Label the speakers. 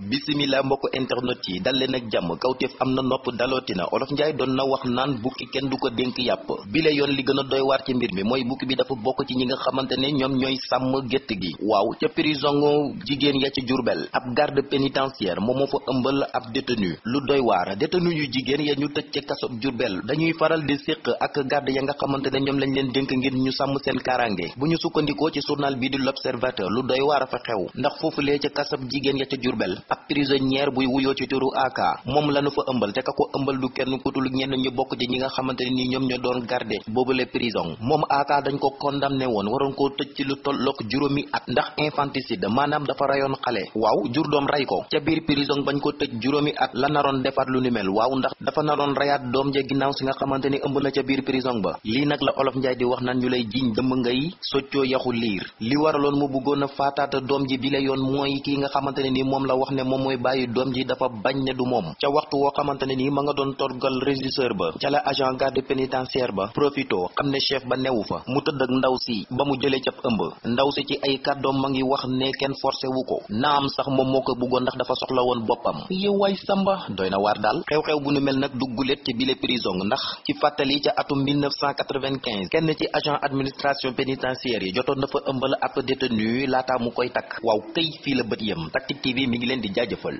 Speaker 1: bisimila mbokk internet yi dal leen ak jàmm kawteef am na nopp dalootina olof njaay doon na wax naan bukki kenn du ko dénk yàpp bile yoon li gën a doy waar ci mbir mi mooy bukki bi dafa bokk ci ñi nga xamante ne ñoom ñooy sàmm gétt gi waaw ca prison jigéen ya ci jurbel ab garde pénitentiaire moom moo fa ëmbal ab détenu lu doy waar détenu yu jigéen ya ñu tëj ca kaso jurbel dañuy faral di séq ak garde ya nga xamante ne ñoom lañ leen dénk ngir ñu sàmm seen karange bu ñu sukkandikoo ci journal bi di l'observateur lu doy waar a fa xew ndax foofulee ca kasab jigéen ya ca ab prisonnière buy wuyoo ci turu AK moom lanu fa ëmbal te ka ko ëmbal du kenn ku dul ñenn bokk ci nga xamante ni ñoom ñoo doon garde boobule prison moom AK dañ ko condamné woon waroon koo tëj ci lu tollook juróomi at ndax infanticide maanaam dafa rayoon xale waaw jur doom ray ko ca biir prison bañ ko tëj juróomi at la naroon defaat lu ni mel waaw ndax dafa naroon rayaat doom ja ginnaaw si nga xamante ëmb na ca biir prison ba lii nag la olof njaay di wax naan ñu lay jiñ dëmb ngay soccoo yaxu liir a ne moom mooy bàyyi doom ji dafa bañ ne du moom ca waxtu woo xamante ne nii ma nga doon torgal régisseur ba ca la agent garde pénitentiaire ba profito xam ne chef ba newu fa mu tëdd ak ndaw si ba mu jëlee ca ëmb ndaw si ci ay kàddoom ma ngi wax ne kenn forcé wu ko naam sax moom moo ko bëggoon ndax dafa soxla woon boppam yow waay samba doy na waar daal xew-xew bu nu mel nag duggulet ci bile prison ndax ci fàttali ca atum 1995 kenn ci agent administration pénitentiaire yi jotoon na fa ëmbal ab laata mu koy takk la bët yëm di jaajëfal